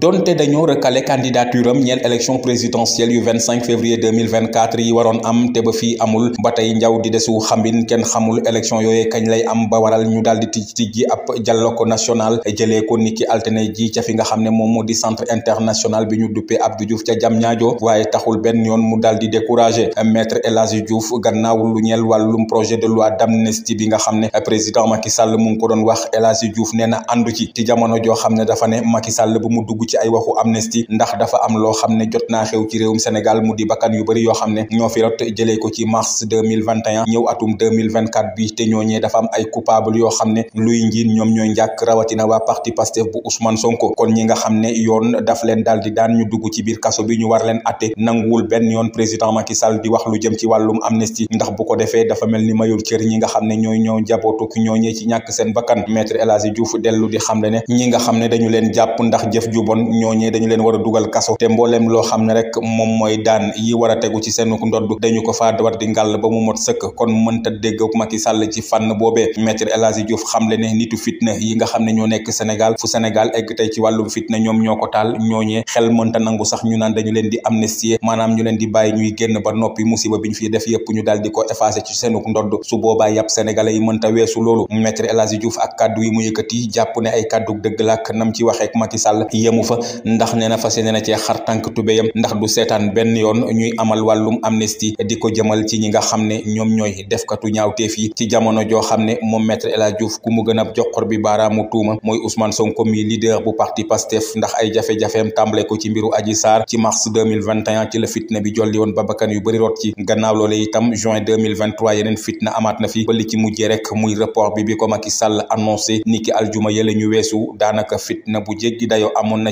donte dañoo recalé candidature am ñeel élection présidentielle yu 25 février 2024 yi waroon am te ba fii amul ba tey njaw di desu xambin kenn xamul élection yooyee kañ lay am ba waral ñu daldi di tij ap ab national jëlee ko niki alterné ji ca fi nga xam ne moom moo di centre international bi ñu duppé Abdou Diouf ca Diamniadio waaye taxul benn yoon mu daldi di découragé maître El Hadji Diouf gannaaw lu ñeel wàllum projet de loi d'amnistie bi nga xam ne président Macky Sall mu ngi ko doon wax El Hadji Diouf nee na andu ci ci jamono joo xam ne dafa ne Macky Sall bu mu dugg ci ay waxu amnesty ndax dafa am lo xamne jotna xew ci rewum senegal mu di bakkan yu bari yo xamne ñoo fi rot jele ko ci mars 2021 ñew atum 2024 bi te ñoñe dafa am ay coupable yo xamne luy ngin ñom ñoy ñak rawati na wa parti Pastef bu Ousmane Sonko kon ñi nga xamne yon yoon daf len dal di daan ñu dugg ci bir kaso bi ñu war len atte nangul ben yoon president Macky Sall di wax lu jëm ci walum amnesty ndax bu ko dafa melni mayul cër ñi nga xamne ñoy ñoo ki ñoñe ci ñak sen bakkan maître elazi Diouf delu di xamne ne ñi nga xamne dañu len japp ndax jëf ju kon ñoñe dañu leen wara duggal dugal kaso te lo xamné rek mom moy daan yi war téggu tegu ci seen ndoddu dañu ko faa dawar di ngal ba mu mot sëkk kon mënta dégg ak Macky Sall ci fànn bobé maître El Hadji Diouf xamle né nitu fitna yi nga xamné ño ñoo nekk Sénégal fu Sénégal egg tay ci wàllum fitna ñom ñoko ko taal ñooñee xel mënta nangu sax ñu naan dañu leen di amnistie manam ñu leen di bay ñuy genn ba nopi musiba biñ fi def yépp ñu dal di ko effacer ci seenuk ndoddu su boba yàpp sénégalais yi mënta weesu lolu maître El Hadji Diouf ak kaddu yi mu yëkëti japp né ay kaddu dëgg lak nam ci ak Macky Sall yëmu fa ndax nee na fas yéene na cee xar tànk tubéyam ndax du seetaan benn yoon ñuy amal wàllum amnistie di ko jëmal ci ñi nga xam ne ñoom ñooy defkatu ñaawteef yi ci jamono joo xam ne moom maître El a Diouf ku mu gën a joxor bi baaraamu tuuma mooy Ousmane Sonko mi leader bu parti Pastef ndax ay jafe-jafeem tàmbale ko ci mbiru Adji Sarr ci mars 2021 ci la fitna bi jolli woon ba bakkan yu bëri rot ci gannaaw loole itam juin 2023 yeneen fitna amaat na fi ba li ci mujjee rek muy report bi bi ko Macky Sall annoncé niki aljuma yële ñu weesu daanaka fitna bu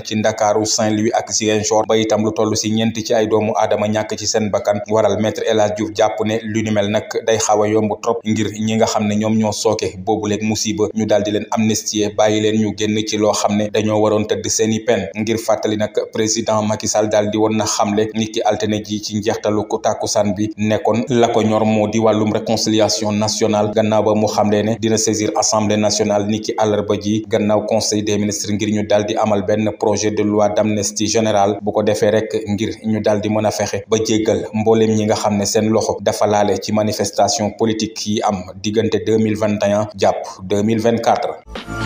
ci ndakaaru Saint-Louis ak Ziguinchor ba itam lu toll si ñeent ci ay doomu aadama ñàkk ci seen bakkan waral maître El Hadj jàpp ne lu ni mel nag day xaw a yomb trop ngir ñi nga xam ne ñoom ñoo sooke boobu leeg musiba ñu daal di leen amnistie bàyyi leen ñu génn ci loo xam ne dañoo waroon tëdd seeni pen ngir fàttali nag président Macky Sall daal di woon na xamle nit ki altine ji ci njeextalu ko tàkkusaan bi nekkoon la ko moo di wàllum réconciliation nationale gannaaw ba mu xamle ne dina saisir assemblée nationale nit ki àllarba ji gannaaw conseil des ministres ngir ñu daal di amal benn projet de loi d'amnistie générale bu ko defee rek ngir ñu daal di mën a fexe ba jéggal mbooleem ñi nga xam ne seen loxo dafa ci manifestation politique yi am diggante 2021, mille jàpp